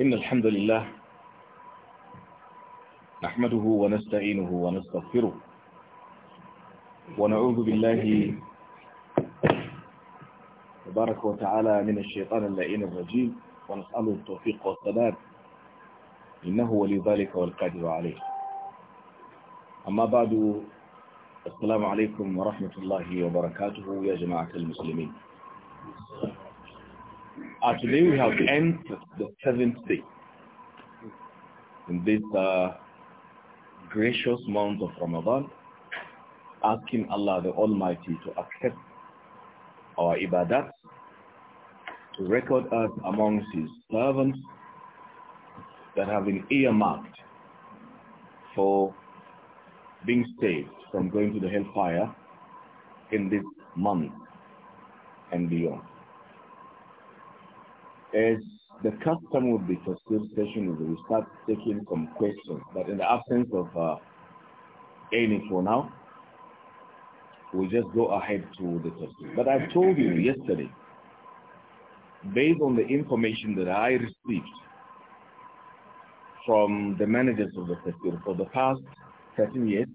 إن الحمد لله نحمده ونستعينه ونستغفره ونعوذ بالله تبارك وتعالى من الشيطان اللعين الرجيم ونسأله التوفيق والسداد إنه ولي ذلك والقادر عليه أما بعد السلام عليكم ورحمة الله وبركاته يا جماعة المسلمين uh, Today we have entered the seventh day in this uh, gracious month of Ramadan asking Allah the Almighty to accept our ibadat to record us amongst his servants that have been earmarked for being saved from going to the hellfire in this month and beyond. As the custom would be for station session, we will start taking some questions, but in the absence of uh, any for now, we'll just go ahead to the tafsir. But I told you yesterday, based on the information that I received from the managers of the tafsir for the past 13 years,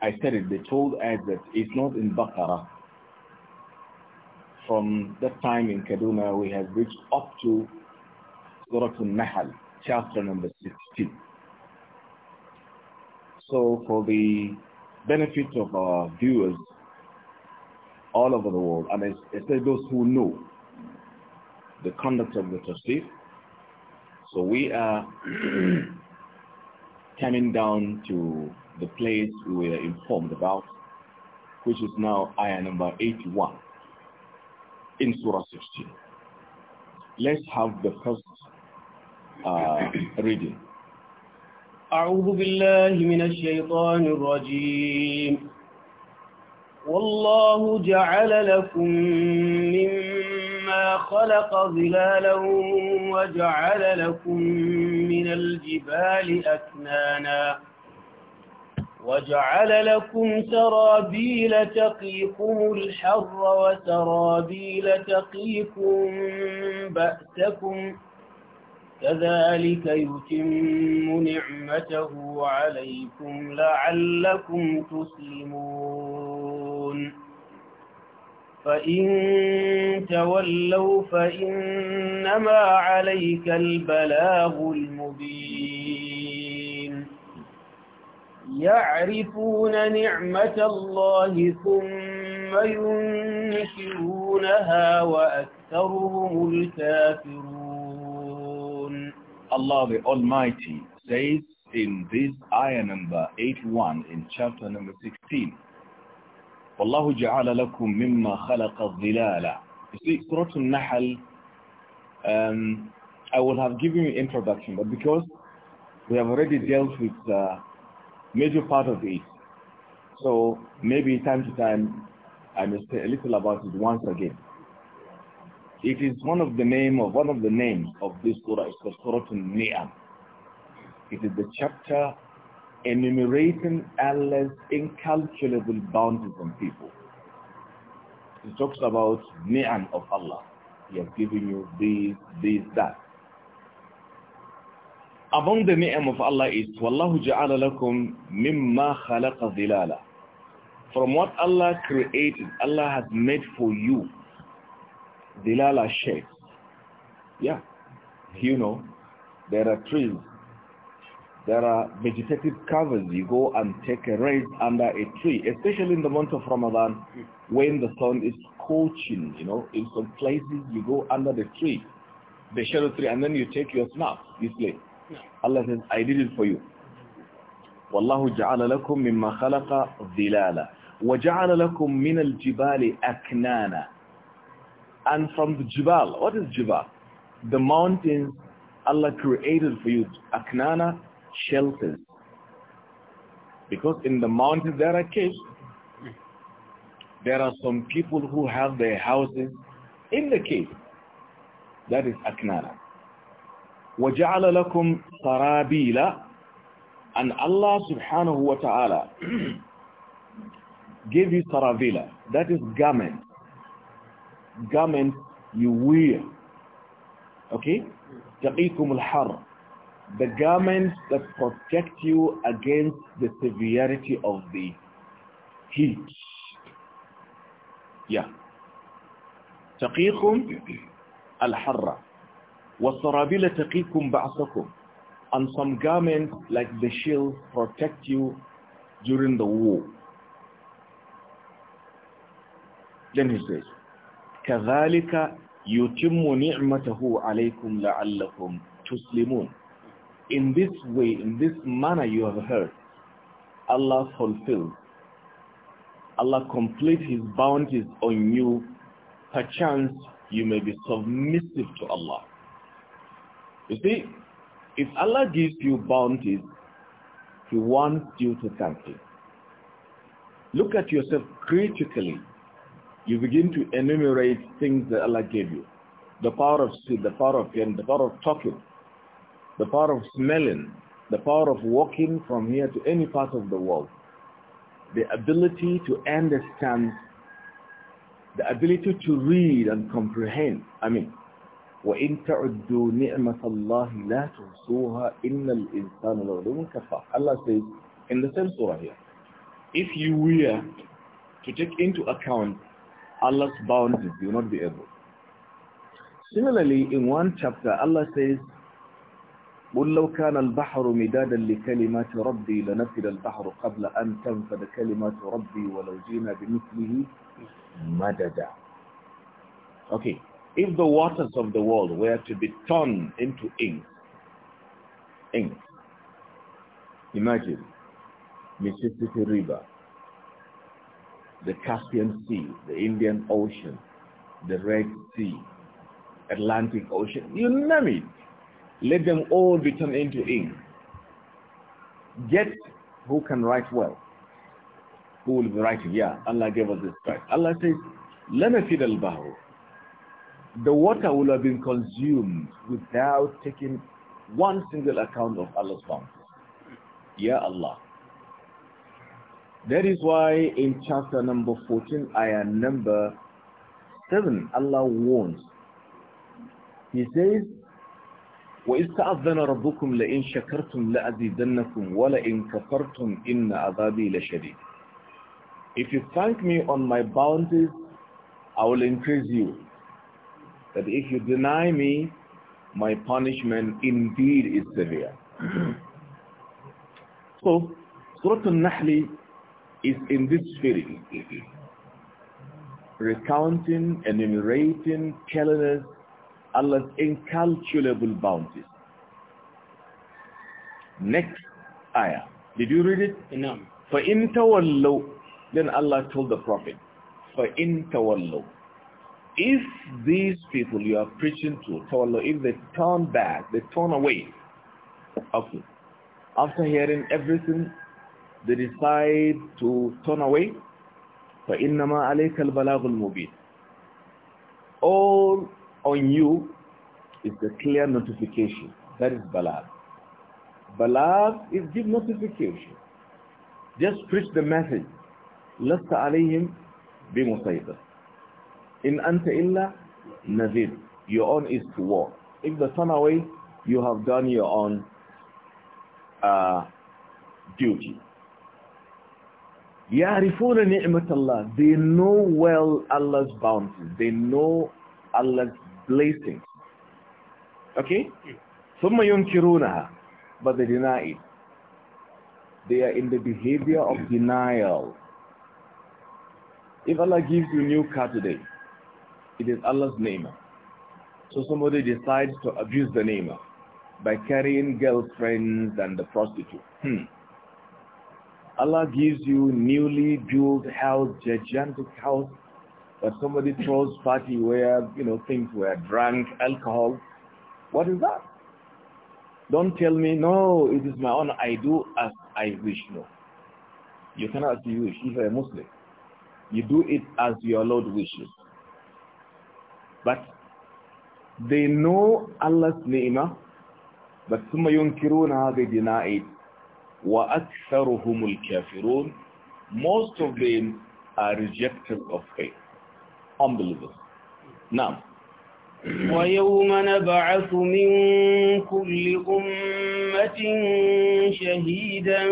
I said it, they told us that it's not in Baqarah. From that time in Kaduna, we have reached up to Surah al chapter number 16. So for the benefit of our viewers all over the world, and especially those who know the conduct of the tafsir, so we are coming down to the place we were informed about, which is now ayah number 81 in Surah 16. Let's have the first uh, reading. أعوذ بالله من الشيطان الرجيم والله جعل لكم من ما خلق ظلالا وجعل لكم من الجبال أكنانا وجعل لكم سرابيل تقيكم الحر وسرابيل تقيكم بأسكم كذلك يتم نعمته عليكم لعلكم تسلمون فإن تولوا فإنما عليك البلاغ المبين يعرفون نعمة الله ثم ينكرونها وأكثرهم الكافرون Allah the Almighty says in this ayah number 81 in chapter number 16 وَاللَّهُ جَعَلَ لَكُم مِّمَّا خَلَقَ الظِّلَالَ You see, Surah Al-Nahl, um, I would have given you introduction, but because we have already dealt with major part of it, so maybe time to time I may say a little about it once again. It is one of the name of one of the names of this surah. is called Surah Al-Ni'am. It is the chapter enumerating Allah's incalculable bounties on people. He talks about ni'an of Allah. He has given you this, this, that. Among the ni'am of Allah is, وَاللَّهُ جَعَلَ لَكُمْ مِمَّا خَلَقَ ظِلَالًا From what Allah created, Allah has made for you dhilala shades. Yeah, you know, there are trees there are vegetative covers. You go and take a rest under a tree, especially in the month of Ramadan when the sun is scorching, you know. In some places, you go under the tree, the shadow tree, and then you take your snack, you sleep. Allah says, I did it for you. وَاللَّهُ جَعَلَ لَكُم مِّمَّا خَلَقَ ظِلَالًا وَجَعَلَ لَكُم مِّنَ الْجِبَالِ أَكْنَانًا And from the Jibal, what is Jibal? The mountains Allah created for you, Aknana, shelters. Because in the mountains there are caves. There are some people who have their houses in the cave. That is Aknana. وَجَعَلَ لَكُمْ سَرَابِيلَ And Allah subhanahu wa ta'ala gave you saravila. That is garment. Garment you wear. Okay? تَقِيكُمُ الْحَرَّ the garments that protect you against the severity of the heat. Yeah. تقيكم الحرة والسرابيل تقيكم بعثكم and some garments like the shield protect you during the war. Then he says, كذلك يتم نعمته عليكم لعلكم تسلمون in this way, in this manner you have heard, Allah fulfills. Allah complete His bounties on you. Perchance you may be submissive to Allah. You see, if Allah gives you bounties, He wants you to thank Him. Look at yourself critically. You begin to enumerate things that Allah gave you. The power of seeing, the power of hearing, the power of talking, the power of smelling, the power of walking from here to any part of the world, the ability to understand, the ability to read and comprehend. I mean, وَإِن تَعُدُّوا نِعْمَةَ اللَّهِ لَا تُحْصُوهَا إِنَّ الْإِنسَانَ لَغْلُومٌ Allah says in the same surah here, if you were to take into account Allah's bounties, you will not be able. Similarly, in one chapter, Allah says, قل لو كان البحر مدادا لكلمات ربي لنفد البحر قبل أن تنفد كلمات ربي ولو جينا بمثله مددا Okay, if the waters of the world were to be turned into ink, ink, imagine Mississippi River, the Caspian Sea, the Indian Ocean, the Red Sea, Atlantic Ocean, you name it, let them all be turned into ink. Get who can write well. Who will be writing? Yeah, Allah gave us this right. Allah says, لَنَفِدَ الْبَهُ The water will have been consumed without taking one single account of Allah's bounty. Yeah, Allah. That is why in chapter number 14, ayah number 7, Allah warns. He says, وإذ تأذن ربكم لئن شكرتم لأزيدنكم ولئن كفرتم إن عذابي لشديد If you thank me on my bounties, I will increase you. But if you deny me, my punishment indeed is severe. so, Surah al nahli is in this spirit, recounting, enumerating, telling us Allah's incalculable bounties. Next ayah. Did you read it? No. in تَوَلَّوْا Then Allah told the Prophet, in تَوَلَّوْا If these people you are preaching to, tawallu, if they turn back, they turn away, okay, after hearing everything, they decide to turn away, فَإِنَّمَا عَلَيْكَ الْبَلَاغُ الْمُبِينَ All on you is the clear notification. That is balad. Balad is give notification. Just preach the message. لست عليهم بمسيطر. In anta illa nazir. Your own is to war. If the sun away, you have done your own uh, duty. يعرفون نعمة الله. They know well Allah's bounty. They know Allah's blessings okay thumma yunkirunaha but they deny it they are in the behavior of denial if Allah gives you a new car today it is Allah's name so somebody decides to abuse the name by carrying girlfriends and the prostitute hmm. Allah gives you newly built house, gigantic house, but somebody throws party where, you know, things were drunk, alcohol, what is that? Don't tell me, no, it is my own. I do as I wish. No. You cannot do you wish if you're a Muslim. You do it as your Lord wishes. But they know Allah's name, but ثُمَّ يُنْكِرُونَ They deny it. وَأَكْثَرُهُمُ الْكَافِرُونَ Most of them are rejected of faith. Unbelievers. Now, ويوم نبعث من كل أمة شهيدا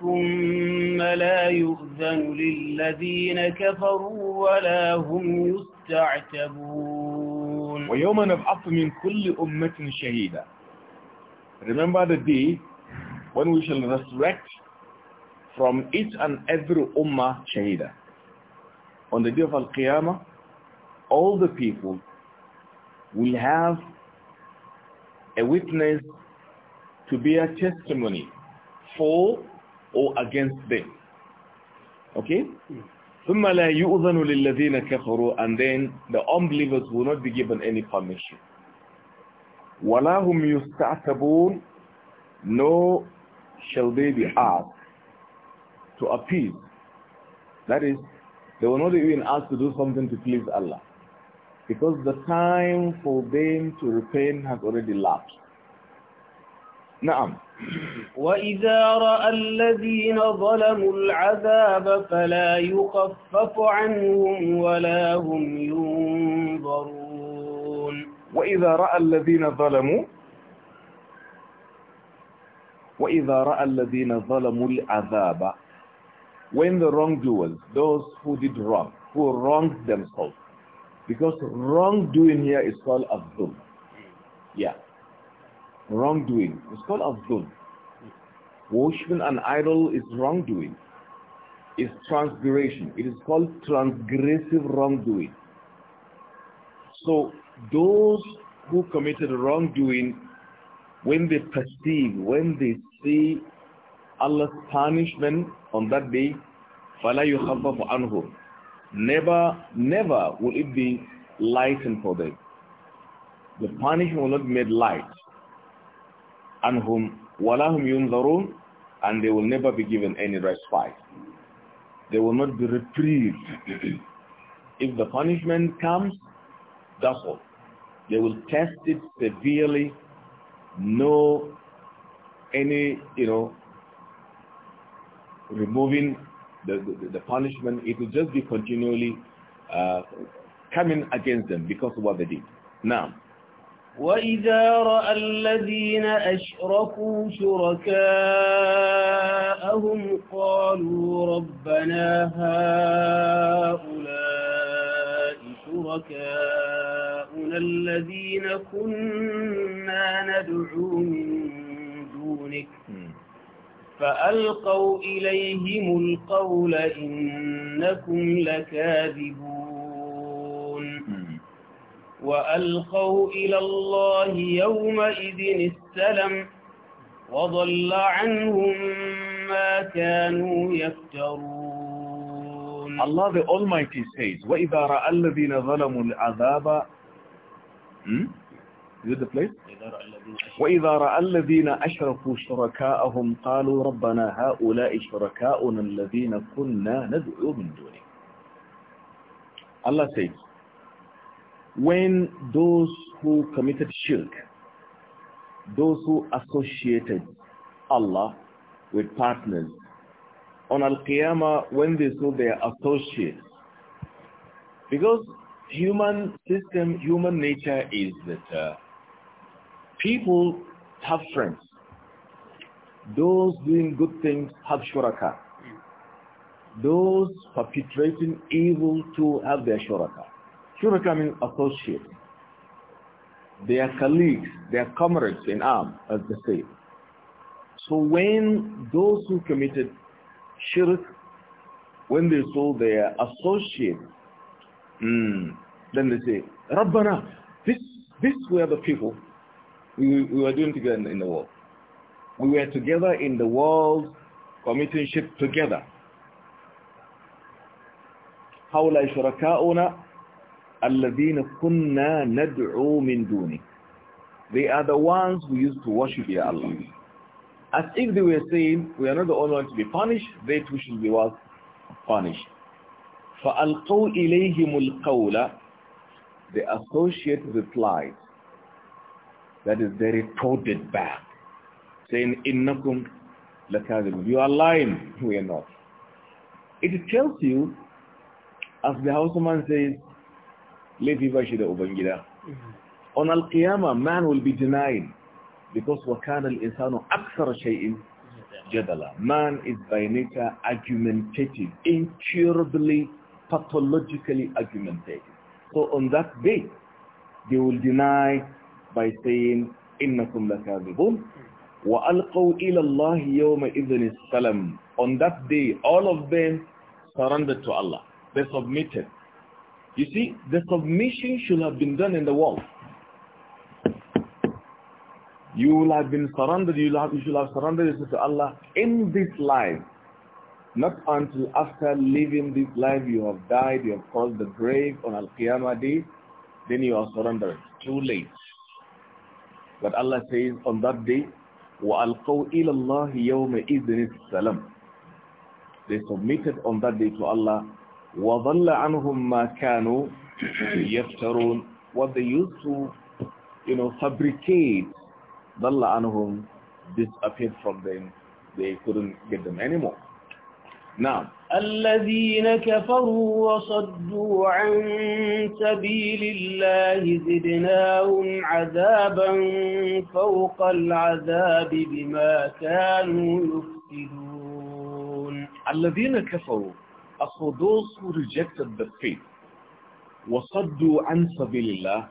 ثم لا يؤذن للذين كفروا ولا هم يستعتبون ويوم نبعث من كل أمة شهيدا Remember the day when we shall resurrect from each and every ummah shahida. On the day of Al-Qiyamah, all the people will have a witness to bear testimony for or against them. Okay? ثم لا يؤذن للذين كفروا and then the unbelievers will not be given any permission. ولا هم يستعتبون no shall they be asked to appease. That is, they will not even asked to do something to please Allah because the time for them to repent has already lapsed. نعم وإذا رأى الذين ظلموا العذاب فلا يخفف عنهم ولا هم ينظرون وإذا رأى الذين ظلموا وإذا رأى الذين ظلموا العذاب when the wrongdoers those who did wrong who wronged themselves because wrongdoing here is called abdul. Yeah. Wrongdoing is called abdul. Worshipping an idol is wrongdoing. It's transgression. It is called transgressive wrongdoing. So those who committed wrongdoing, when they perceive, when they see Allah's punishment on that day, فَلَا يُخَفَّفُ عَنْهُمْ Never, never will it be lightened for them. The punishment will not be made light. And whom walahum yunzarun, and they will never be given any respite. They will not be reprieved. if the punishment comes, that's all. They will test it severely. No, any, you know, removing the, the, the punishment, it will just be continually uh, coming against them because of what they did. Now, وَإِذَا رَأَى الَّذِينَ أَشْرَكُوا شُرَكَاءَهُمْ قَالُوا رَبَّنَا هَؤُلَاءِ شُرَكَاؤُنَا الَّذِينَ كُنَّا نَدْعُو مِن دُونِكَ فألقوا إليهم القول إنكم لكاذبون وألقوا إلى الله يومئذ السلم وضل عنهم ما كانوا يفترون Allah the Almighty says وَإِذَا رَأَى الَّذِينَ ظَلَمُوا الْعَذَابَ Is the place? وَإِذَا رَأَى الَّذِينَ أَشْرَكُوا شُرَكَاءَهُمْ قَالُوا رَبَّنَا هَؤُلَاءِ شُرَكَاؤُنَا الَّذِينَ كُنَّا نَدْعُو مِنْ دُونِهِ Allah says, when those who committed shirk, those who associated Allah with partners, on Al-Qiyamah when they saw their associates, because human system, human nature is that uh, People have friends. Those doing good things have shuraka. Those perpetrating evil too have their shuraka. Shuraka means associate. They are colleagues, they are comrades in arms, as they say. So when those who committed shirk, when they saw their associate, mm, then they say, Rabbana, this, this were the people we, we were doing together in, the world. We were together in the world, committing shirk together. هؤلاء شركاؤنا الذين كنا ندعو من دونه They are the ones who used to worship Ya Allah. As if they were saying, we are not the only ones to be punished, they too should be what? Punished. فَأَلْقَوْا إِلَيْهِمُ الْقَوْلَ The associate replied, that is, they retorted back, saying, Innakum lakazim. You are lying. We are not. It tells you, as the houseman says, Lefi bashida ubangida. On Al-Qiyamah, man will be denied because al الْإِنسَانُ أَكْثَرَ shayin jadala. Man is by nature argumentative, incurably, pathologically argumentative. So on that day, they will deny by saying, إِنَّكُمْ لَكَاذِبُونَ وَأَلْقَوْا إِلَى اللَّهِ يَوْمَ إِذْنِ السَّلَمُ On that day, all of them surrendered to Allah. They submitted. You see, the submission should have been done in the world. You will have been surrendered, you, have, you should have surrendered to Allah in this life. Not until after living this life, you have died, you have crossed the grave on Al-Qiyamah day, then you are surrendered. Too late. But Allah says on that day, وَأَلْقَوْا إِلَى اللَّهِ يَوْمَ إِذْنِ السَّلَمُ They submitted on that day to Allah. وَظَلَّ عَنْهُمْ مَا كَانُوا يَفْتَرُونَ What they used to, you know, fabricate, ظَلَّ عَنْهُمْ disappeared from them. They couldn't get them anymore. نعم الذين كفروا وصدوا عن سبيل الله زدناهم عذابا فوق العذاب بما كانوا يفسدون الذين كفروا as those who rejected the faith وصدوا عن سبيل الله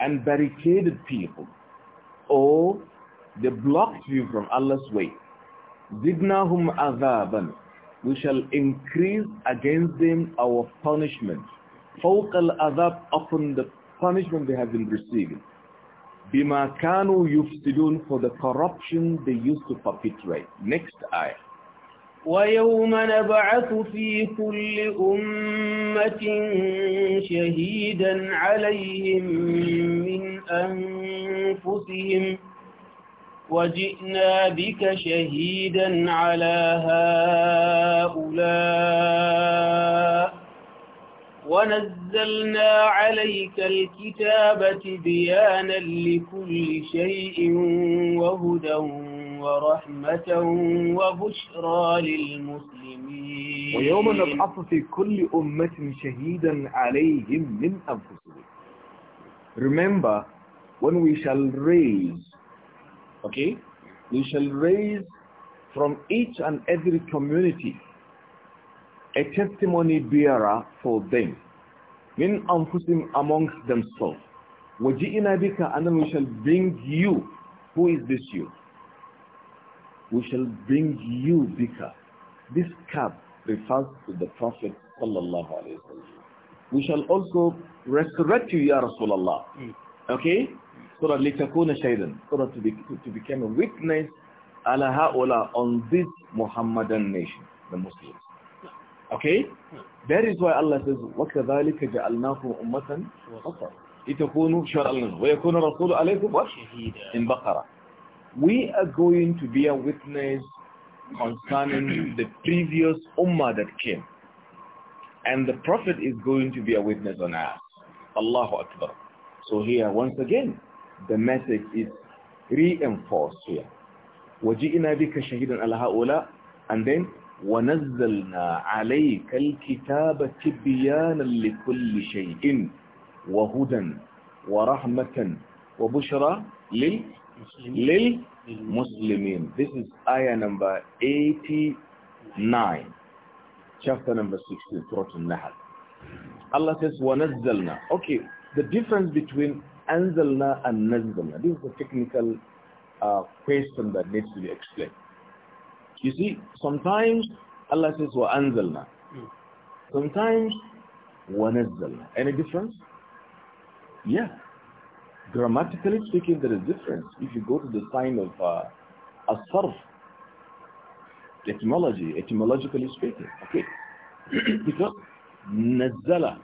and barricaded people or they blocked you from Allah's way زدناهم عذابا we shall increase against them our punishment. فوق الأذاب upon the punishment they have been receiving. بما كانوا يفسدون for the corruption they used to perpetrate. Next ayah. ويوم نبعث في كل أمة شهيدا عليهم من أنفسهم وجئنا بك شهيدا على هؤلاء ونزلنا عليك الكتاب بيانا لكل شيء وهدى ورحمة وبشرى للمسلمين ويوم نبعث في كل أمة شهيدا عليهم من أنفسهم Remember when we shall raise Okay? You shall raise from each and every community a testimony bearer for them. Min anfusim amongst themselves. Waji'ina bika and then we shall bring you. Who is this you? We shall bring you bika. This cup refers to the Prophet sallallahu Alaihi Wasallam. We shall also resurrect you, Ya hmm. Okay? so that litakuna shaydan, so to, be, to, become a witness ala ha'ula on this Muhammadan nation, the Muslims. Okay? That is why Allah says, وَكَذَلِكَ جَعَلْنَاكُمْ أُمَّةً وَسَطًا لِتَكُونُوا شَرَعًا لَكُمْ وَيَكُونَ رَسُولُ عَلَيْكُمْ وَشَهِيدًا In Baqarah. We are going to be a witness concerning the previous ummah that came. And the Prophet is going to be a witness on us. Allahu Akbar. So here, once again, the message is reinforced here. وَجِئِنَا بِكَ شَهِدًا عَلَى هَؤُلَاءِ And then, وَنَزَّلْنَا عَلَيْكَ الْكِتَابَ تِبِّيَانًا لِكُلِّ شَيْءٍ وَهُدًا وَرَحْمَةً وَبُشْرًا لِلْ لِلْمُسْلِمِينَ This is ayah number 89, chapter number 16, Surah Al-Nahal. Allah says, وَنَزَّلْنَا Okay, the difference between anzalna and nazzalna. This is a technical uh, question that needs to be explained. You see, sometimes Allah says wa anzalna. Hmm. Sometimes wa nazzalna. Any difference? Yeah. Grammatically speaking, there is difference. If you go to the sign of uh, surf etymology, etymologically speaking, okay? because nazzala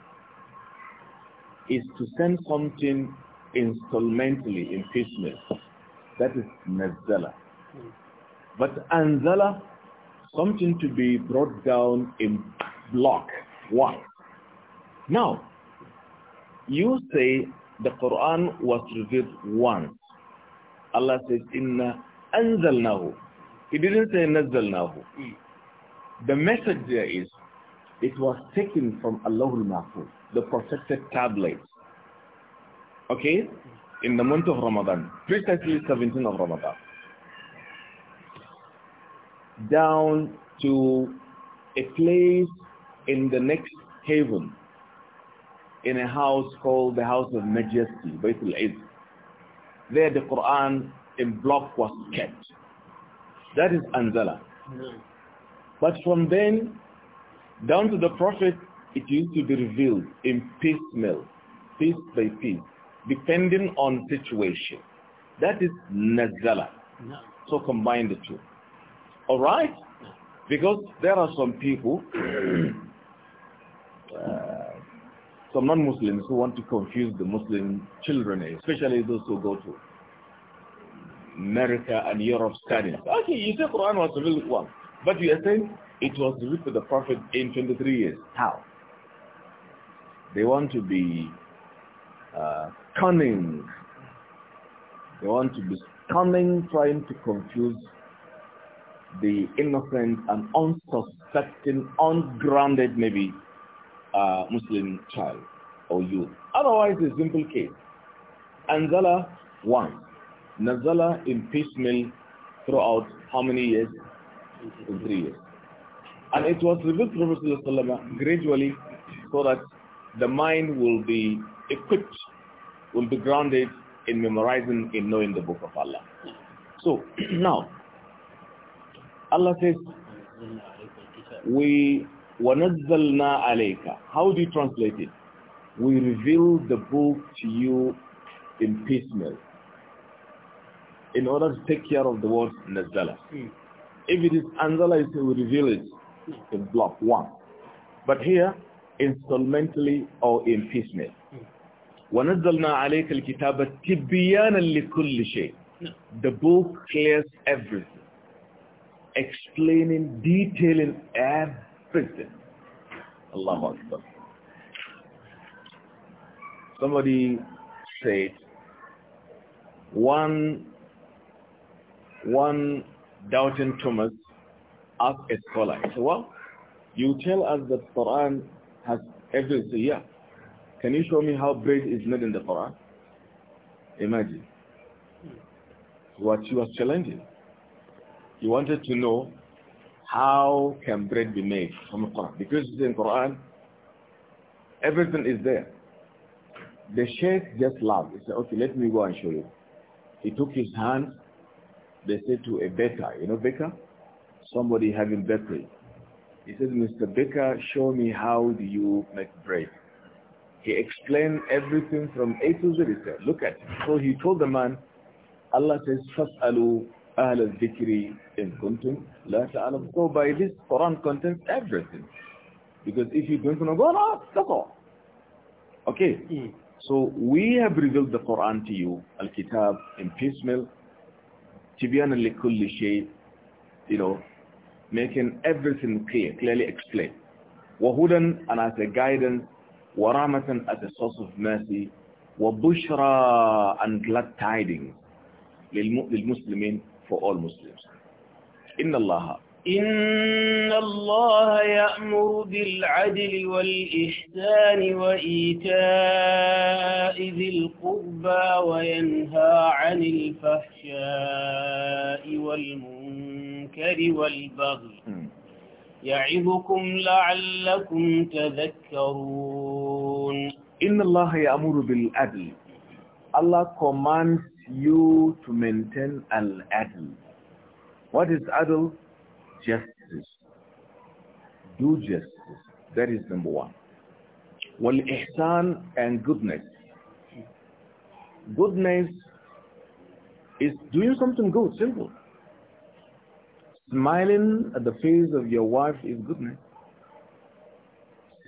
is to send something installmentally in piecemeal. That is nazala. Hmm. But anzala, something to be brought down in block. Why? Now, you say the Quran was revealed once. Allah says, Inna anzalnahu. He didn't say nazzalnahu. Hmm. The message there is, it was taken from Allahul Mahfuz, the protected tablet okay, in the month of Ramadan, precisely 17 of Ramadan, down to a place in the next heaven, in a house called the House of Majesty, Basically, al There the Quran in block was kept. That is Anzala. But from then, down to the Prophet, it used to be revealed in piecemeal, piece by piece depending on situation. That is nazala. No. So combine the two. All right? Because there are some people, uh, some non-Muslims who want to confuse the Muslim children, especially those who go to America and Europe studying. Okay, you say Quran was revealed one, but you are saying it was revealed to the Prophet in 23 years. How? They want to be uh, cunning. They want to be cunning, trying to confuse the innocent and unsuspecting, ungrounded maybe uh, Muslim child or youth. Otherwise, it's a simple case. Anzala one. Nazala in piecemeal throughout how many years? Three years. And it was revealed to Prophet gradually so that the mind will be equipped will be grounded in memorizing, in knowing the book of Allah. So now, Allah says, we وَنَزَّلْنَا عَلَيْكَ How do you translate it? We reveal the book to you in piecemeal in order to take care of the word Nazala. Mm. If it is Anzala, it will reveal it in block one. But here, instrumentally or in piecemeal. وَنَزَّلْنَا عَلَيْكَ الْكِتَابَ تِبِيَانًا لِكُلِّ شَيْءٍ The book clears everything, explaining, detailing everything. Allah Akbar. Somebody said, one, one doubting Thomas asked a scholar, he said, well, you tell us that Quran has everything, yeah. Can you show me how bread is made in the Quran? Imagine what she was challenging. He wanted to know how can bread be made from the Quran? Because it's in Quran, everything is there. The sheikh just laughed. He said, okay, let me go and show you. He took his hand, they said to a baker, you know baker? Somebody having bakery. He said, Mr. Baker, show me how do you make bread. He explained everything from A to Z. Look at it. So he told the man, Allah says, فَاسْأَلُوا أَهْلَ الذِّكْرِ إِن كُنْتُمْ لَا تَعْلَمْ So by this, Quran contains everything. Because if you don't know, go on, that's ah, all. Okay. Mm. So we have revealed the Quran to you, Al-Kitab, in piecemeal, Tibyan al-Likulli Shay, you know, making everything clear, clearly explained. Wahudan, and as a guidance ورحمة at the source of mercy وبشرى and glad tidings للمسلمين for all Muslims إن الله إن الله يأمر بالعدل والإحسان وإيتاء ذي القربى وينهى عن الفحشاء والمنكر والبغي يعظكم لعلكم تذكرون Inna Allah ya'muru bil adl. Allah commands you to maintain al adl. What is adl? Justice. Do justice. That is number one. Wal ihsan and goodness. Goodness is doing something good, simple. Smiling at the face of your wife is goodness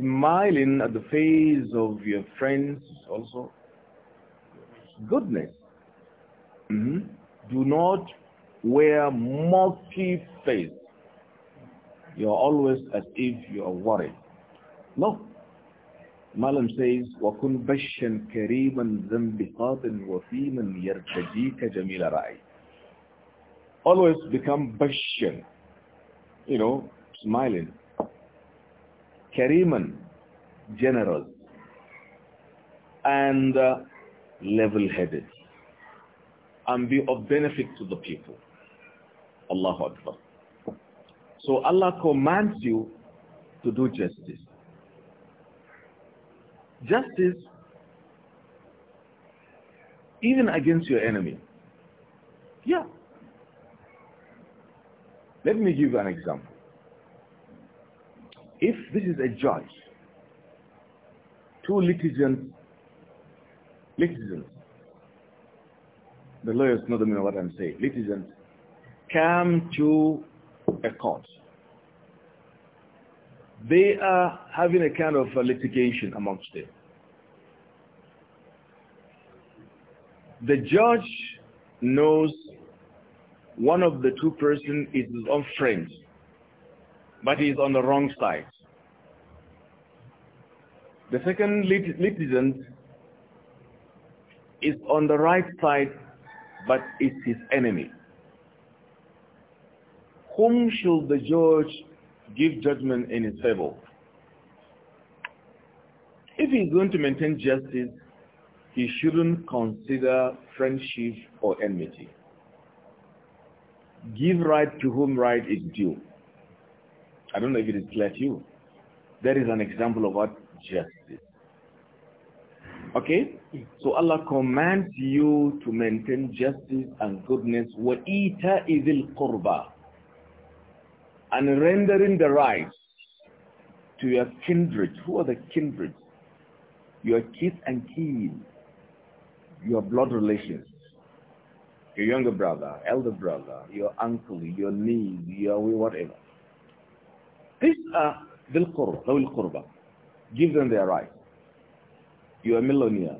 smiling at the face of your friends also. Goodness. Mm -hmm. Do not wear multi face. You're always as if you are worried. No. Malam says, وَكُنْ بَشًّا كَرِيمًا ذَنْبِقَاطٍ وَفِيمًا يَرْتَجِيكَ جَمِيلَ رَأَيْ Always become Bashan, you know, smiling. Kariman, generous, and uh, level-headed, and be of benefit to the people. Allahu Akbar. So Allah commands you to do justice. Justice, even against your enemy. Yeah. Let me give you an example. If this is a judge, two litigants, litigants, the lawyers know the meaning of what I'm saying, litigants, come to a court. They are having a kind of a litigation amongst them. The judge knows one of the two persons is his own friend but he is on the wrong side. The second litigant is on the right side, but is his enemy. Whom shall the judge give judgment in his favor? If he is going to maintain justice, he shouldn't consider friendship or enmity. Give right to whom right is due. I don't know if it is clear to you. That is an example of what? Justice. Okay? So Allah commands you to maintain justice and goodness. وَإِيْتَ إِذِ الْقُرْبَى And rendering the rights to your kindred. Who are the kindred? Your kids and kin. Your blood relations. Your younger brother, elder brother, your uncle, your niece, your whatever. These are the qurba. Give them their rights. You are a millionaire.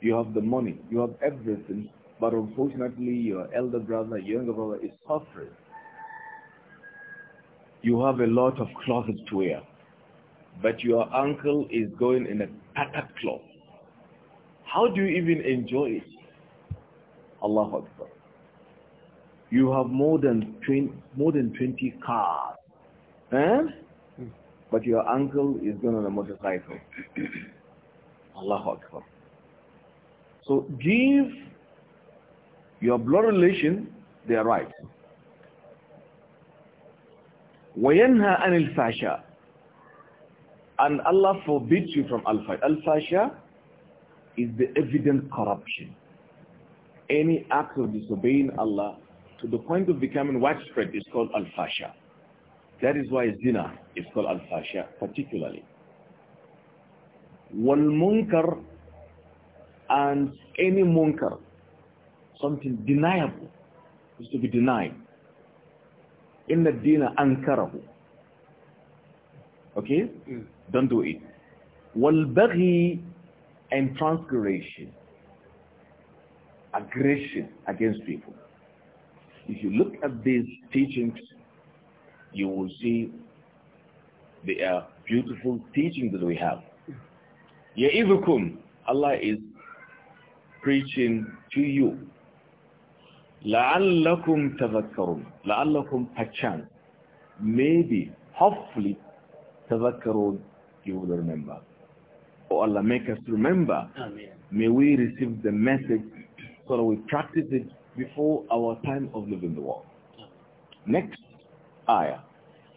You have the money. You have everything. But unfortunately, your elder brother, younger brother is suffering. You have a lot of clothes to wear. But your uncle is going in a tattered cloth. How do you even enjoy it? Allah Akbar. You have more than 20, more than 20 cars. Eh? But your uncle is going on a motorcycle. Allah Akbar. So give your blood relation their right. وَيَنْهَا عَنِ الْفَاشَى And Allah forbids you from al-fasha. Al-fasha is the evident corruption. Any act of disobeying Allah to the point of becoming widespread is called al-fasha. That is why zina is called al-fasha, particularly. Wal-munkar and any munkar, something deniable, is to be denied. In the dina ankarahu. Okay? Mm. Don't do it. Wal-baghi and transgression. Aggression against people. If you look at these teachings you will see the uh, beautiful teaching that we have. Ya'idukum, Allah is preaching to you. لَعَلَّكُمْ تَذَكَّرُونَ لَعَلَّكُمْ pachan. maybe, hopefully, تَذَكَّرُونَ you will remember. Oh Allah, make us remember. Amen. May we receive the message so that we practice it before our time of leaving the world. Next. آية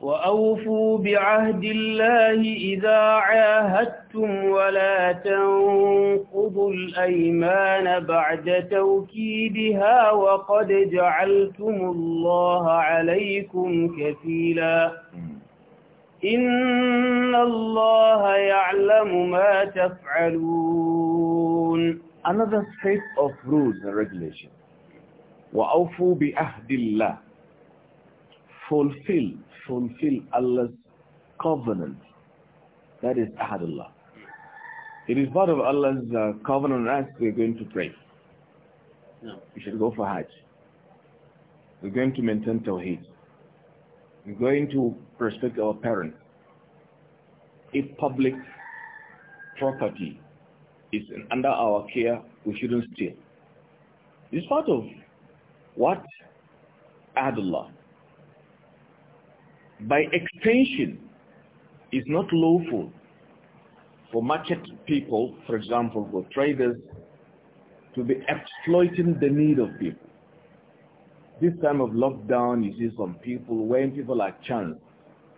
وأوفوا بعهد الله إذا عاهدتم ولا تنقضوا الأيمان بعد توكيدها وقد جعلتم الله عليكم كفيلا إن الله يعلم ما تفعلون Another set of rules and regulations وأوفوا بعهد الله fulfill, fulfill Allah's covenant. That is Ahadullah. It is part of Allah's uh, covenant as we're going to pray. No. We should go for Hajj. We're going to maintain Tawheed. We're going to respect our parents. If public property is under our care, we shouldn't steal. It's part of what? Adullah by extension, it's not lawful for market people, for example, for traders, to be exploiting the need of people. This time of lockdown, you see some people, when people are chance,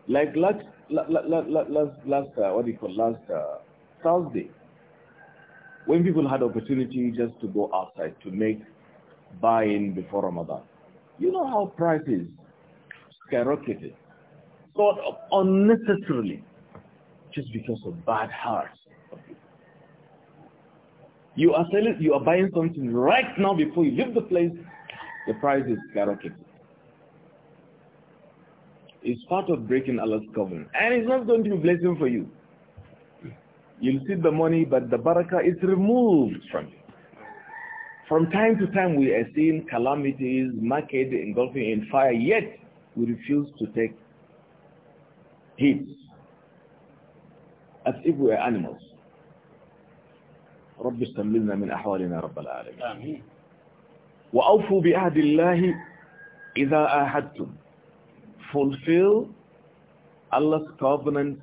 like last, last, last, last uh, what do you call, last uh, Thursday, when people had opportunity just to go outside to make buying before Ramadan. You know how prices skyrocketed stored up unnecessarily just because of bad hearts. You are selling, you are buying something right now before you leave the place, the price is skyrocketing. It's part of breaking Allah's covenant. And it's not going to be a blessing for you. You'll see the money, but the barakah is removed from you. From time to time, we are seeing calamities, market engulfing in fire, yet we refuse to take him as if we are animals. رب استملنا من أحوالنا رب العالمين آمين وأوفوا بعهد الله إذا أهدتم fulfill Allah's covenant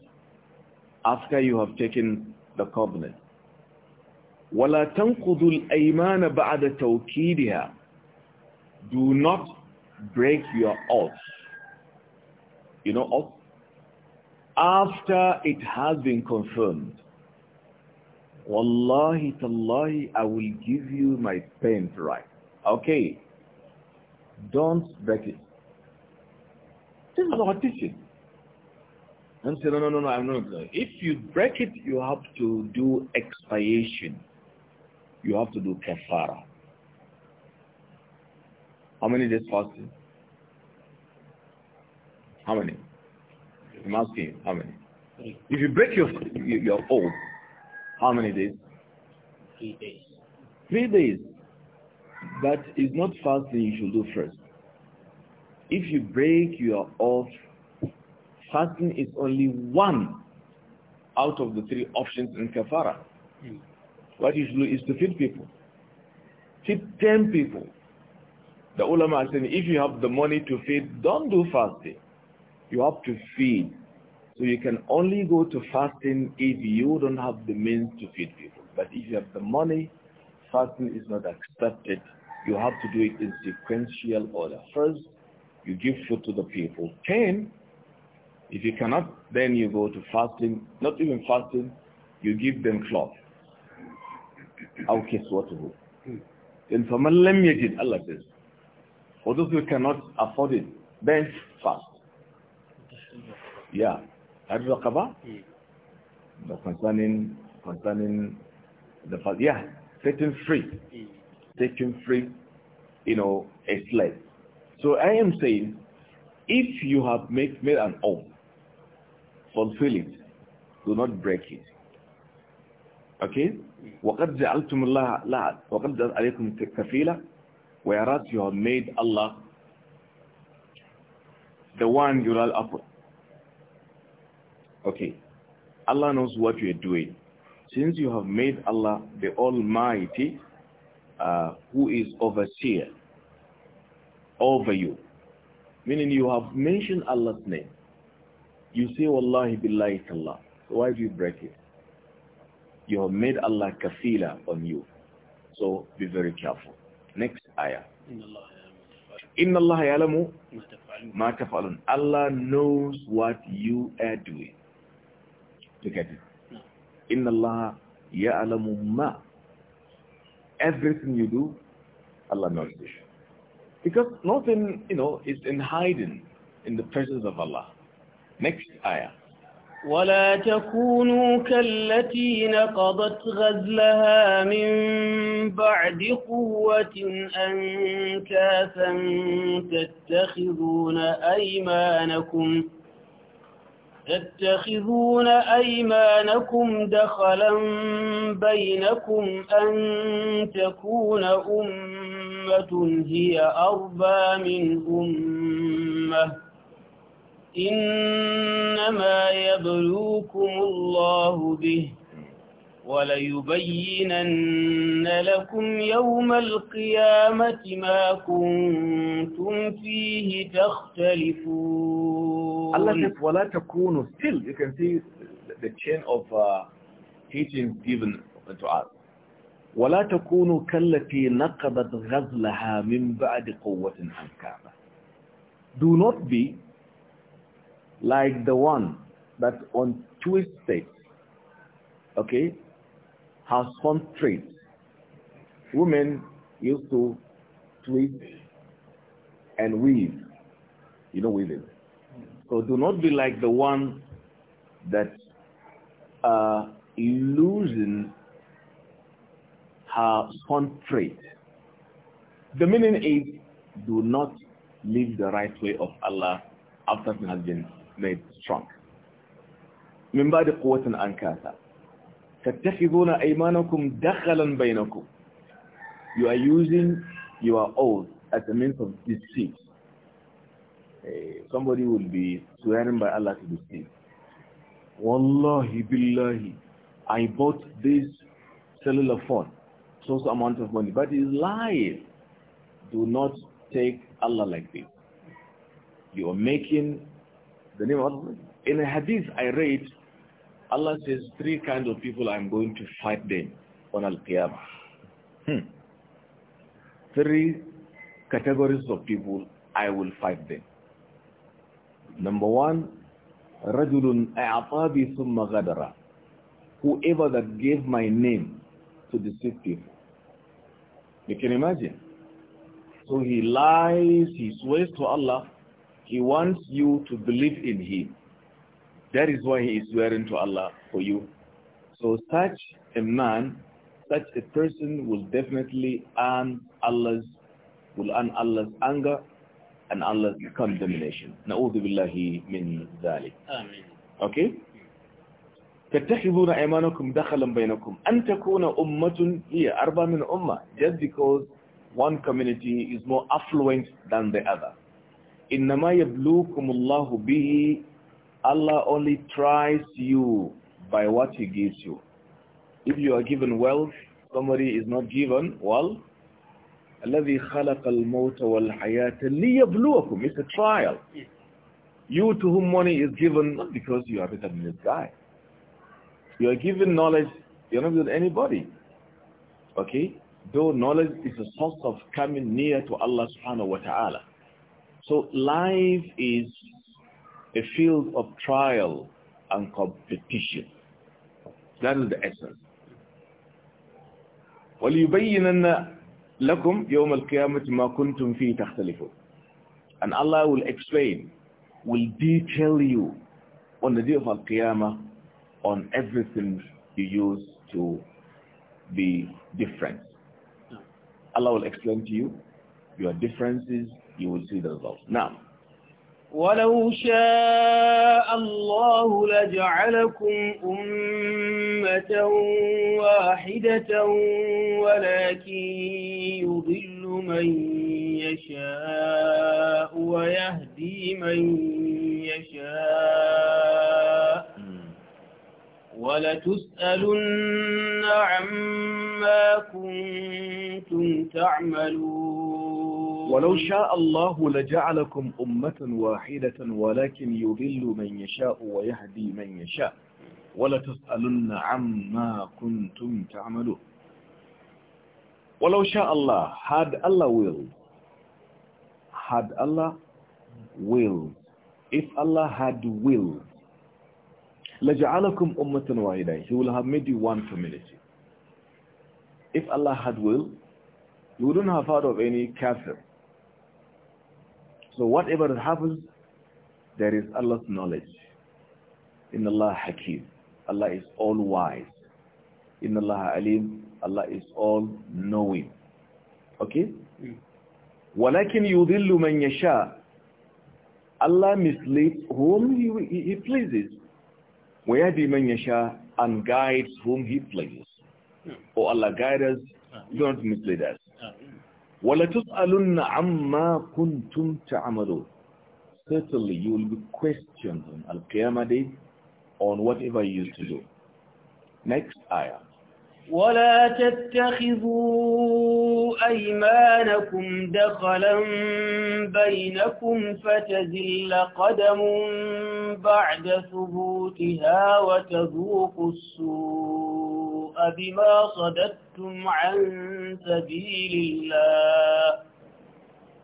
after you have taken the covenant ولا تنقضوا الأيمان بعد توكيدها do not break your oath you know oath after it has been confirmed. Wallahi tallahi, I will give you my pen to write. Okay. Don't break it. This is our teaching. And say, no, no, no, no, I'm not. No. If you break it, you have to do expiation. You have to do kafara. How many days fasting? How many? I'm asking you, how many? Three. If you break your, your oath, how many days? Three days. Three days. That is not fasting you should do first. If you break your oath, fasting is only one out of the three options in kafara. Mm. What you should do is to feed people. Feed 10 people. The ulama are saying, if you have the money to feed, don't do fasting. You have to feed. So you can only go to fasting if you don't have the means to feed people. But if you have the money, fasting is not accepted. You have to do it in sequential order. First, you give food to the people. Ten, if you cannot, then you go to fasting. Not even fasting, you give them cloth. Our case, what to do? Then someone limited, Allah says. For those who cannot afford it, then fast. Yeah. Al-Raqaba? Concerning, concerning the yeah, setting free. Setting free, you know, a slave. So I am saying, if you have made, made an oath, fulfill it. Do not break it. Okay? وَقَدْ جَعَلْتُمُ اللَّهَ What وَقَدْ جَعَلْ عَلَيْكُمْ كَفِيلًا Whereas you have made Allah the one you rely upon. Okay. Allah knows what you are doing. Since you have made Allah the Almighty, uh, who is overseer, over you, meaning you have mentioned Allah's name. You say, Wallahi billahi Allah. So why do you break it? You have made Allah kafila on you. So be very careful. Next ayah. Inna Allah ya'lamu ma Allah knows what you are doing. together. إِنَّ اللَّهَ يَعْلَمُ مَا Everything you do, Allah knows this. Because nothing, you know, is in hiding in the presence of Allah. Next ayah. ولا تكونوا كالتي نقضت غزلها من بعد قوة أنكاثا تتخذون أيمانكم تتخذون أيمانكم دخلا بينكم أن تكون أمة هي أربى من أمة إنما يبلوكم الله به وليبينن لكم يوم القيامة ما كنتم فيه تختلفون Allah says ولا تكونوا still you can see the chain of uh, teachings given to us ولا تكونوا كالتي نقضت غزلها من بعد قوة أنكابة do not be like the one that on Tuesday, okay have trade. Women used to twist and weave. You know weaving. So do not be like the one that uh, losing her son trait. The meaning is do not leave the right way of Allah after it has been made strong. the quote قوة أنكاثة you are using your oath as a means of deceit eh, somebody will be swearing by Allah to deceive wallahi billahi i bought this cellular phone so so amount of money but it's lies. do not take Allah like this you are making the name of Allah in a hadith i read Allah says three kinds of people I'm going to fight them on Al-Qiyamah. Hmm. Three categories of people I will fight them. Number one, رَجُلٌ أَعْطَابِ ثُمَّ غَدَرَ Whoever that gave my name to deceive people. You can imagine. So he lies, he swears to Allah, he wants you to believe in him. That is why he is swearing to Allah for you. So such a man, such a person will definitely earn Allah's, will earn Allah's anger and Allah's condemnation. Na'udhu billahi min dhalik. Amen. Okay? تتخذون ايمانكم دخلا بينكم ان تكون أمة هي اربع من امه just because one community is more affluent than the other انما يبلوكم الله به Allah only tries you by what he gives you. If you are given wealth, somebody is not given, wealth. الَّذِي خَلَقَ الْمَوْتَ وَالْحَيَاةَ لِيَبْلُوَكُمْ It's a trial. You to whom money is given, not because you are better than this guy. You are given knowledge, you're not with anybody. Okay? Though knowledge is a source of coming near to Allah subhanahu wa ta'ala. So life is a field of trial and competition. That is the essence. وَلِيُبَيِّنَنَّ لَكُمْ يَوْمَ الْقِيَامَةِ مَا كُنْتُمْ فِي تَخْتَلِفُونَ And Allah will explain, will detail you on the day of Al-Qiyamah on everything you use to be different. Allah will explain to you your differences, you will see the results. Now, ولو شاء الله لجعلكم أمة واحدة ولكن يضل من يشاء ويهدي من يشاء ولتسألن عما كنتم تعملون ولو شاء الله لجعلكم أمة واحدة ولكن يضل من يشاء ويهدي من يشاء ولا تسألن عما كنتم تعملون ولو شاء الله had Allah will had Allah will if Allah had will لجعلكم أمة واحدة he will have made you one community if Allah had will you wouldn't have heard of any kafir So whatever happens, there is Allah's knowledge. In Allah Hakim. Allah is all wise. In Allah Alim. Allah is all knowing. Okay? وَلَكِنْ يُضِلُّ مَنْ يَشَاءُ Allah misleads whom he, he, he pleases. ويدي مَنْ يَشَاءُ And guides whom he pleases. Hmm. Oh Allah, guide us. Hmm. Don't mislead us. وَلَتُسْأَلُنَّ عَمَّا كُنْتُمْ تَعْمَلُونَ Certainly you will be questioned on Al-Qiyamah Day on whatever you used to do. Next ayah. ولا تتخذوا أيمانكم دخلا بينكم فتزل قدم بعد ثبوتها وتذوقوا السور البرء بما صددتم عن سبيل الله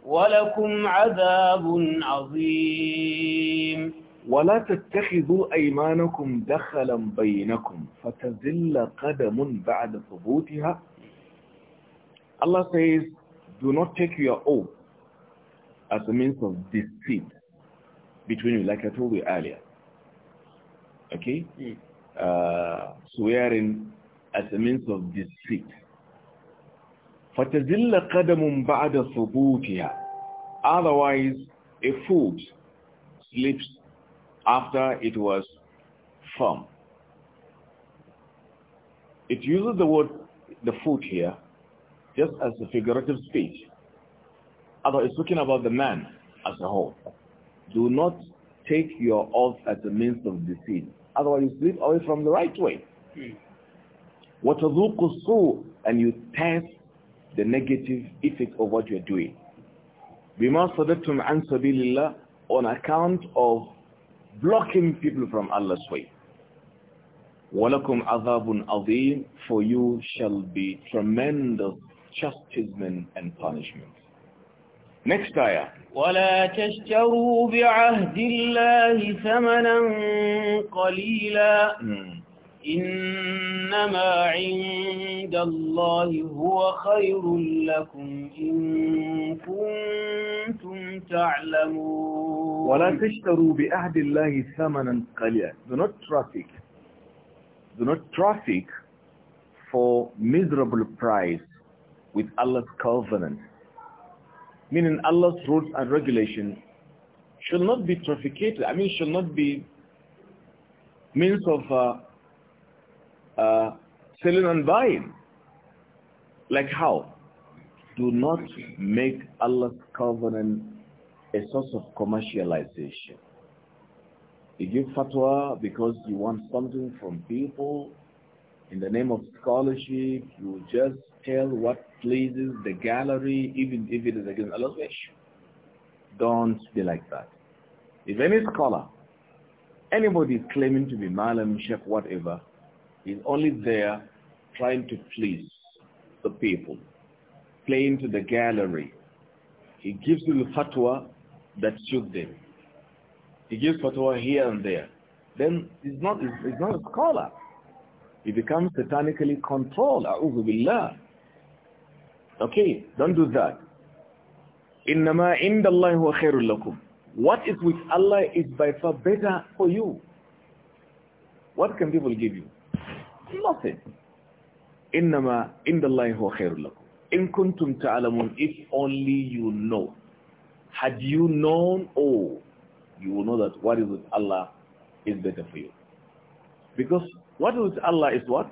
ولكم عذاب عظيم ولا تتخذوا أيمانكم دخلا بينكم فتزل قدم بعد ثبوتها Allah says, do not take your oath as a means of deceit between you, like I told you earlier. Okay? Mm. Uh, swearing as a means of deceit. فَتَزِلَّ قَدَمٌ بَعْدَ ثُبُوتِهَا Otherwise, a foot slips after it was firm. It uses the word the foot here just as a figurative speech. Although it's talking about the man as a whole. Do not take your oath as a means of deceit. Otherwise, you slip away from the right way. Mm. وَتَذُوقُ السُّوءَ And you test the negative effect of what you're doing. بِمَا صَدَتْتُمْ عَنْ سَبِيلِ اللَّهِ On account of blocking people from Allah's way. وَلَكُمْ عَذَابٌ عَظِيمٌ For you shall be tremendous chastisement and punishment. Next ayah. ولا تشتروا بعهد الله ثمنا قليلا hmm. إنما عند الله هو خير لكم إن كنتم تعلمون ولا تشتروا بأهد الله ثمنا قليلا Do not traffic Do not traffic for miserable price with Allah's covenant meaning Allah's rules and regulations should not be trafficated I mean should not be means of uh, uh, selling and buying. Like how? Do not make Allah's covenant a source of commercialization. You give fatwa because you want something from people. In the name of scholarship, you just tell what pleases the gallery, even if it is against Allah's wish. Don't be like that. If any scholar, anybody is claiming to be malam, chef, whatever, He's only there trying to please the people, playing to the gallery. He gives the fatwa that suits them. He gives fatwa here and there. Then he's not, he's, he's not a scholar. He becomes satanically controlled. A'udhu billah. Okay, don't do that. إِنَّمَا عِنْدَ اللَّهِ هُوَ خَيْرٌ لَكُمْ What is with Allah is by far better for you. What can people give you? nothing. إِنَّمَا إِنَّ اللَّهِ هُوَ خَيْرٌ لَكُمْ إِن كُنْتُمْ If only you know. Had you known all, oh, you will know that what is with Allah is better for you. Because what is with Allah is what?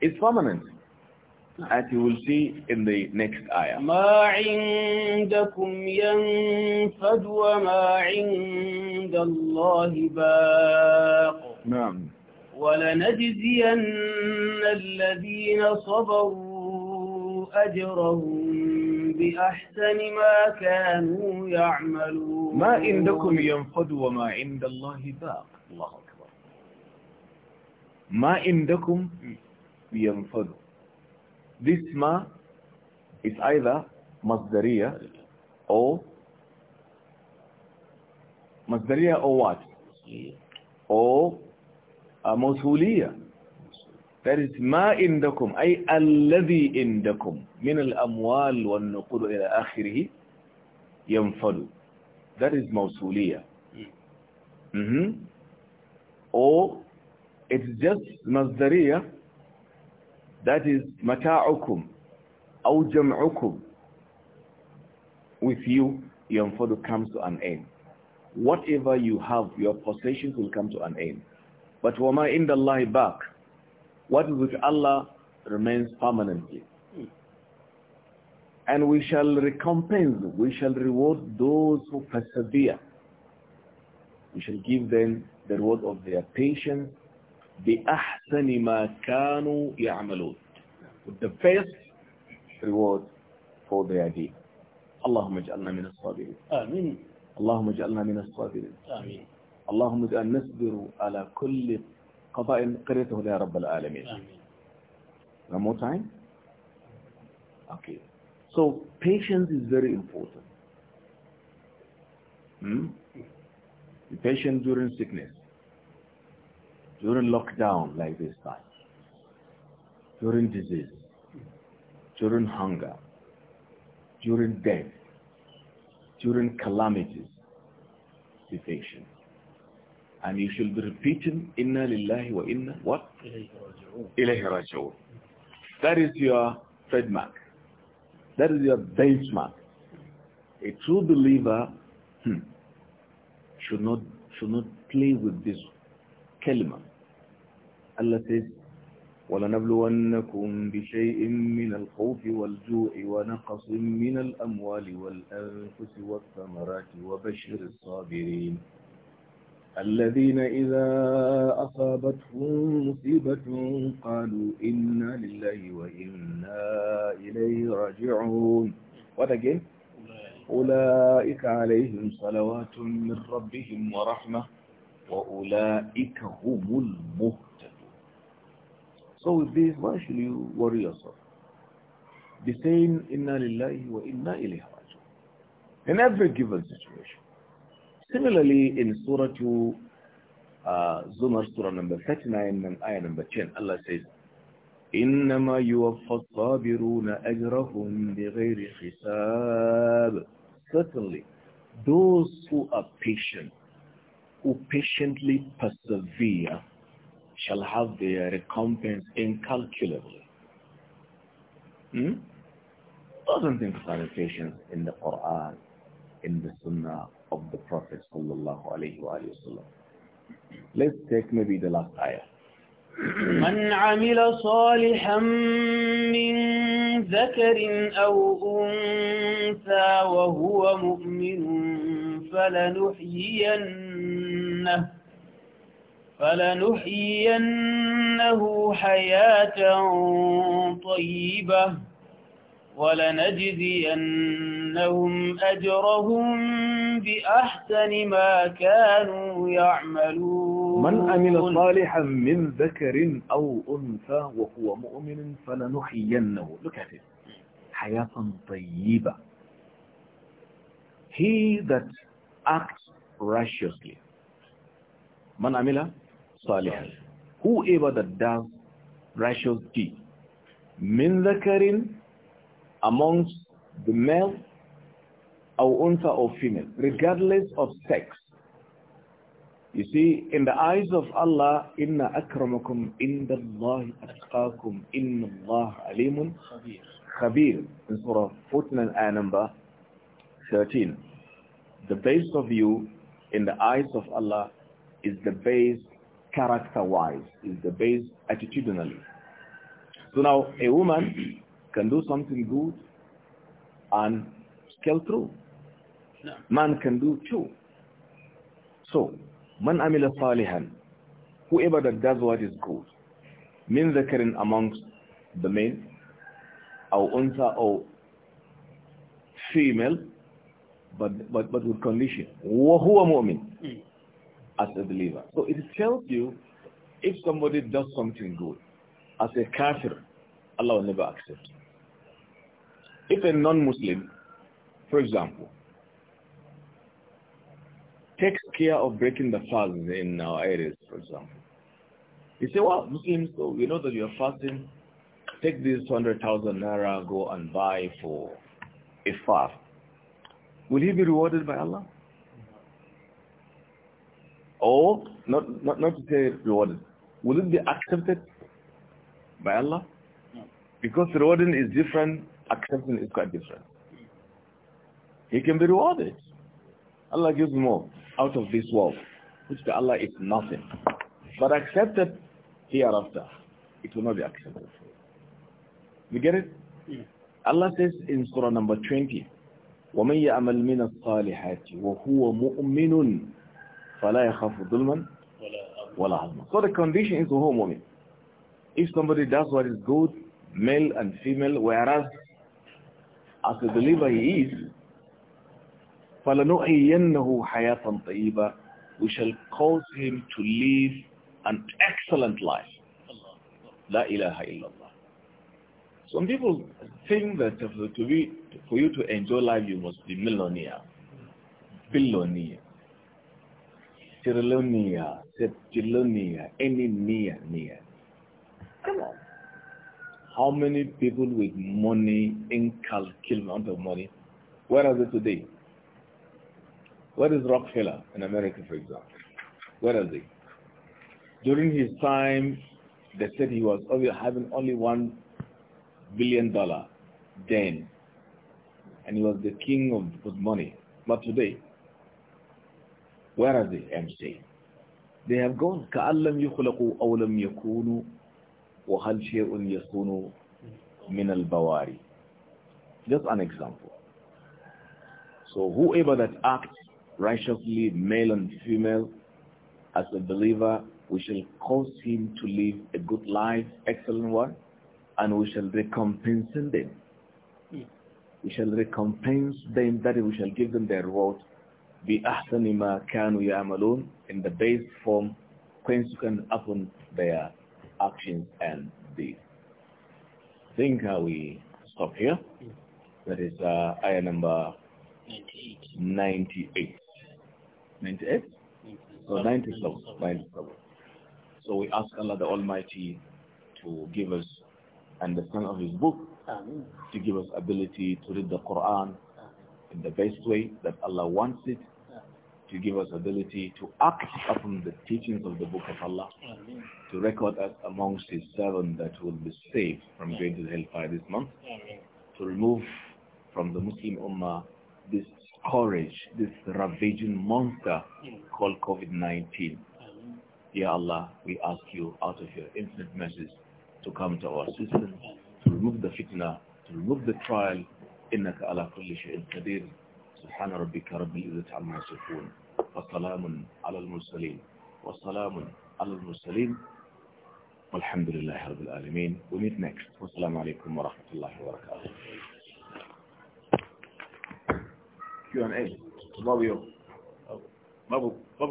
It's permanent. As you will see in the next ayah. ما عندكم ينفد وما عند الله باق. نعم. ولنجزين الذين صبروا أجرهم بأحسن ما كانوا يعملون ما عندكم ينفد وما عند الله باق الله أكبر ما عندكم ينفد This ma is either مصدرية أو مصدرية أو what? أو مسؤولية that is ما عندكم أي الذي عندكم من الأموال والنقود إلى آخره ينفد that is مسؤولية mm -hmm. or it's just مصدرية that is متاعكم أو جمعكم with you ينفد comes to an end whatever you have your possessions will come to an end But وَمَا إِنْدَ اللَّهِ back? What is with Allah remains permanently. And we shall recompense, we shall reward those who persevere. We shall give them the reward of their patience بِأَحْسَنِ مَا كَانُوا يَعْمَلُونَ With the best reward for their deed. اللهم اجعلنا من الصابرين آمين اللهم اجعلنا من الصابرين آمين اللهم اجعل نصبر على كل قضاء قريته يا رب العالمين آمين. One more time. Okay. So patience is very important. Hmm? Be patient during sickness, during lockdown like this time, during disease, during hunger, during death, during calamities. Be patient. And you should be repeating, Inna lillahi wa inna what? Ilayhi raja'un. That is your trademark. That is your benchmark. A true believer hmm, should not should not play with this kalima. Allah says, ولنبلونكم بشيء من الخوف والجوع ونقص من الأموال والأنفس والثمرات وبشر الصابرين الذين إذا أصابتهم مصيبة قالوا إنا لله وإنا إليه راجعون again? أولئك عليهم صلوات من ربهم ورحمة وأولئك هم المهتدون So with this, why should you worry yourself? The saying, إِنَّا لِلَّهِ وَإِنَّا إِلَيْهِ رَاجِعُونَ In every given situation, Similarly, in Surah to uh, Zumar, Surah number 39 and Ayah number 10, Allah says, إنما يوفى الصابرون أجرهم بغير حساب Certainly, those who are patient, who patiently persevere, shall have their recompense incalculable. Hmm? Doesn't think of patience in the Quran, in the Sunnah, of the Prophet sallallahu Let's take maybe the last ayah. من عمل صالحا من ذكر أو أنثى وهو مؤمن فلنحيينه فلنحيينه حياة طيبة ولنجزينهم أجرهم بأحسن ما كانوا يعملون من أمن صالحا من ذكر أو أنثى وهو مؤمن فلنحيينه Look at it. حياة طيبة He that acts righteously من أمن صالحا Whoever that does righteous deed من ذكر amongst the male or unsa or female, regardless of sex. You see, in the eyes of Allah, inna akramakum inda Allahi atqakum inna Allah alimun khabir. In Surah 49 ayah number 13. The base of you in the eyes of Allah is the base character-wise, is the base attitudinally. So now a woman can do something good and scale through. Man can do too. So, man amila salihan, whoever that does what is good, min zakarin amongst the men, or unsa or female, but, but, but with condition, wahuwa mu'min, hmm. as a believer. So it tells you, if somebody does something good, as a kafir, Allah will never accept. If a non-Muslim, for example, Fear of breaking the fast in our areas, for example. You say, well, Muslims, so oh, we know that you're fasting. Take this two hundred thousand naira, go and buy for a fast. Will he be rewarded by Allah? Or, not, not, not to say rewarded, will it be accepted by Allah? Because rewarding is different, acceptance is quite different. He can be rewarded. Allah gives more out of this world, which to Allah is nothing. But accepted hereafter, it will not be accepted. You get it? Yeah. Allah says in Surah number 20, ومن يعمل من الصالحات وهو مؤمن فلا يخاف ظلما ولا عظما so the condition is who mu'min if somebody does what is good male and female whereas as a believer he is فَلَنُعِيَنَّهُ حَيَاةً طَيِّبًا We shall cause him to live an excellent life. La ilaha illallah. Some people think that to be, for you to enjoy life, you must be millionaire, billionaire, trillionaire, septillionaire, any near, near. Come on. How many people with money, incalculable amount of money, where are they today? Where is Rockefeller in America, for example? Where is he? During his time, they said he was having only one billion dollar then, and he was the king of good money. But today, where are they? MC? They have gone. كَأَلَّمْ يُخْلَقُوا أَوْ يَكُونُوا وَهَلْ شَيْءٌ مِنَ الْبَوَارِ Just an example. So whoever that acts righteously, male and female, as a believer, we shall cause him to live a good life, excellent one, and we shall recompense them. Yeah. Hmm. We shall recompense them, that is, we shall give them their reward, بِأَحْسَنِ مَا كَانُوا يَعْمَلُونَ in the best form, consequent upon their actions and deeds. I think uh, we stop here. Yeah. Hmm. That is uh, ayah number 98. 98. 98? so 97. 97. So we ask Allah the Almighty to give us understanding of His book, Amen. to give us ability to read the Quran in the best way that Allah wants it, to give us ability to act upon the teachings of the Book of Allah, Amen. to record us amongst His servants that will be saved from going to the hellfire this month, Amen. to remove from the Muslim Ummah this scourge this ravaging monster called COVID-19. Dear Allah, we ask you out of your infinite mercy to come to our assistance, to remove the fitna, to remove the trial. إنك على كل شيء قدير سبحان ربك رب العزة عما يصفون وسلام على المرسلين والسلام على المرسلين والحمد لله رب العالمين We meet next والسلام عليكم ورحمة الله وبركاته you on edge you? yau babu